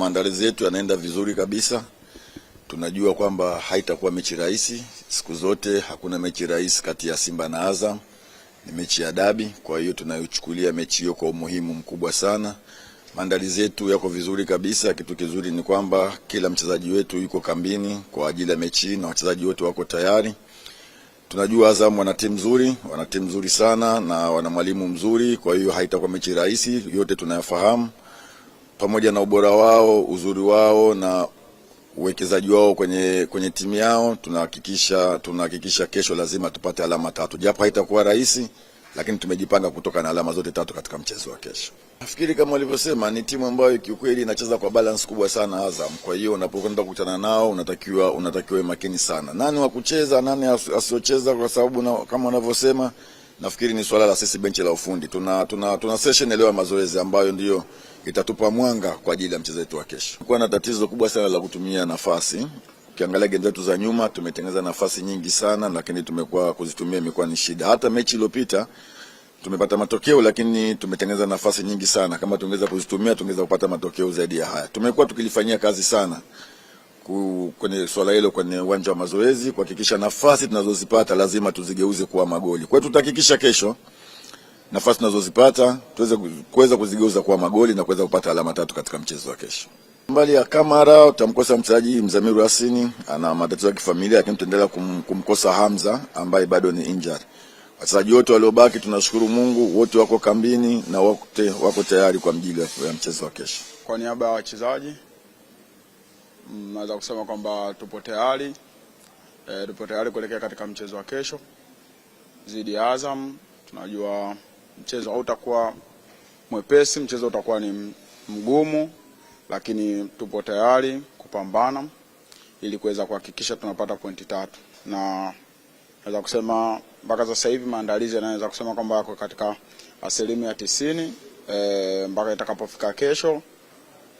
Maandalizi yetu yanaenda vizuri kabisa. Tunajua kwamba haitakuwa mechi rahisi. Siku zote hakuna mechi rahisi kati ya Simba na Azam, ni mechi ya dabi. Kwa hiyo tunayochukulia mechi hiyo kwa umuhimu mkubwa sana. Maandalizi yetu yako vizuri kabisa. Kitu kizuri ni kwamba kila mchezaji wetu yuko kambini kwa ajili ya mechi na wachezaji wote wako tayari. Tunajua Azam wana timu nzuri, wana timu nzuri sana na wana mwalimu mzuri, kwa hiyo haitakuwa mechi rahisi, yote tunayafahamu pamoja na ubora wao, uzuri wao na uwekezaji wao kwenye, kwenye timu yao tunahakikisha tunahakikisha kesho lazima tupate alama tatu, japo haitakuwa rahisi, lakini tumejipanga kutoka na alama zote tatu katika mchezo wa kesho. Nafikiri kama walivyosema, ni timu ambayo kiukweli inacheza kwa balance kubwa sana Azam. Kwa hiyo unapokwenda kukutana nao unatakiwa unatakiwa makini sana, nani wa kucheza, nani asiocheza, kwa sababu na, kama wanavyosema, nafikiri ni swala la sisi benchi la ufundi. Tuna, tuna, tuna session leo ya mazoezi ambayo ndio itatupa mwanga kwa ajili ya mchezo wetu wa kesho. Kulikuwa na tatizo kubwa sana la kutumia nafasi. Ukiangalia game zetu za nyuma tumetengeneza nafasi nyingi sana, lakini tumekuwa kuzitumia imekuwa ni shida. Hata mechi iliyopita tumepata matokeo, lakini tumetengeneza nafasi nyingi sana. Kama tungeweza kuzitumia, tungeweza kupata matokeo zaidi ya haya. Tumekuwa tukilifanyia kazi sana kwenye swala hilo kwenye uwanja wa mazoezi kuhakikisha nafasi tunazozipata lazima tuzigeuze kuwa magoli. Kwa hiyo tutahakikisha kesho nafasi tunazozipata tuweze kuweza kuzigeuza kuwa magoli na kuweza kupata alama tatu katika mchezo wa kesho. Mbali ya Kamara tutamkosa mchezaji Mzamiru Hasini, ana matatizo ya kifamilia, lakini tutaendelea kum, kumkosa Hamza ambaye bado ni injured. Wachezaji wote waliobaki tunashukuru Mungu, wote wako kambini na wote wako tayari kwa mjiga ya mchezo wa kesho. Kwa niaba ya wachezaji mm, naweza kusema kwamba tupo tayari e, tupo tayari kuelekea katika mchezo wa kesho dhidi ya Azam. Tunajua mchezo hautakuwa mwepesi, mchezo utakuwa ni mgumu, lakini tupo tayari kupambana ili kuweza kuhakikisha tunapata pointi tatu, na naweza kusema mpaka sasa hivi maandalizi yanaweza kusema kwamba yako katika asilimia tisini e, mpaka itakapofika kesho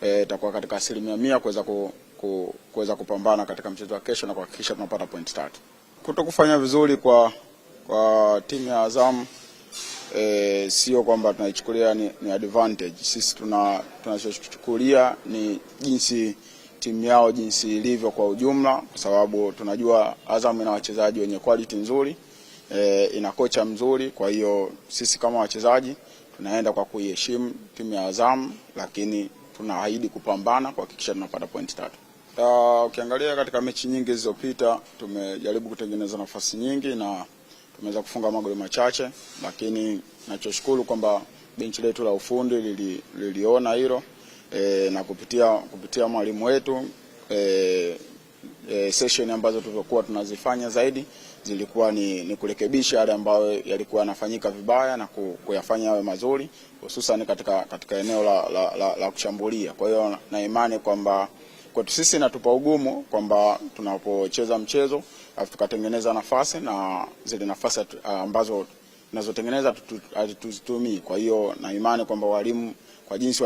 eh, itakuwa e, katika asilimia mia kuweza ku, ku, kuweza kupambana katika mchezo wa kesho na kuhakikisha tunapata pointi tatu. Kutokufanya vizuri kwa, kwa timu ya Azam e, sio kwamba tunaichukulia ni, ni advantage. Sisi tuna tunachochukulia ni jinsi timu yao jinsi ilivyo kwa ujumla, kwa sababu tunajua Azam ina wachezaji wenye quality nzuri e, ina kocha mzuri. Kwa hiyo sisi kama wachezaji tunaenda kwa kuiheshimu timu ya Azam, lakini tunaahidi kupambana kuhakikisha tunapata pointi tatu. Ah, ukiangalia katika mechi nyingi zilizopita tumejaribu kutengeneza nafasi nyingi na tumeweza kufunga magoli machache, lakini nachoshukuru kwamba benchi letu la ufundi lili, liliona hilo e, na kupitia, kupitia mwalimu wetu e, e, session ambazo tulikuwa tunazifanya zaidi zilikuwa ni, ni kurekebisha yale ambayo yalikuwa yanafanyika vibaya na kuyafanya yawe mazuri hususan katika, katika eneo la, la, la, la kushambulia. Kwa hiyo na imani kwamba kwetu sisi natupa ugumu kwamba tunapocheza mchezo tukatengeneza nafasi na zile nafasi ah, ambazo tunazotengeneza hatuzitumii. Kwa hiyo na imani kwamba walimu kwa jinsi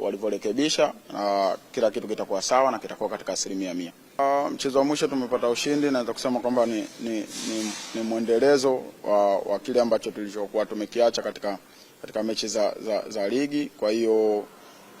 walivyorekebisha na kila kitu kitakuwa sawa na kitakuwa katika asilimia mia. Ah, mchezo wa mwisho tumepata ushindi, naweza kusema kwamba ni, ni, ni, ni mwendelezo wa, wa kile ambacho tulichokuwa tumekiacha katika, katika mechi za, za, za ligi. Kwa hiyo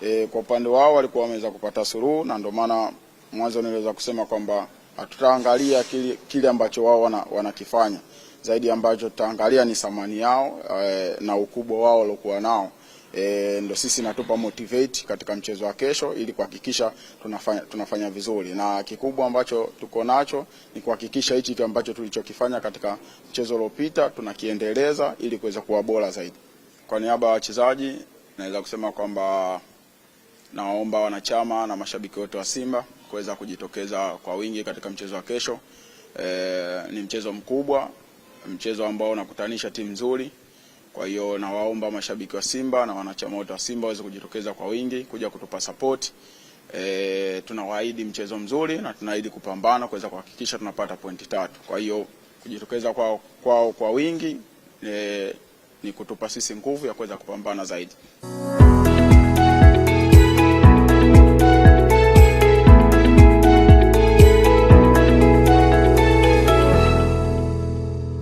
e, kwa upande wao walikuwa wameweza kupata suruhu na ndio maana mwanzo niliweza kusema kwamba hatutaangalia kile, kile ambacho wao wanakifanya wana zaidi, ambacho tutaangalia ni thamani yao e, na ukubwa wao waliokuwa nao e, ndo sisi natupa motivate katika mchezo wa kesho ili kuhakikisha tunafanya, tunafanya vizuri, na kikubwa ambacho tuko nacho ni kuhakikisha hichi ambacho tulichokifanya katika mchezo uliopita tunakiendeleza ili kuweza kuwa bora zaidi. Kwa niaba ya wachezaji naweza kusema kwamba Nawaomba wanachama na mashabiki wote wa Simba kuweza kujitokeza kwa wingi katika mchezo wa kesho. E, ni mchezo mkubwa, mchezo ambao unakutanisha timu nzuri. Kwa hiyo nawaomba mashabiki wa Simba na wanachama wote wa Simba waweze kujitokeza kwa wingi kuja kutupa support. E, tunawaahidi mchezo mzuri na tunaahidi kupambana kuweza kuhakikisha tunapata pointi tatu. Kwa hiyo kujitokeza kwao kwa, kwa wingi e, ni kutupa sisi nguvu ya kuweza kupambana zaidi.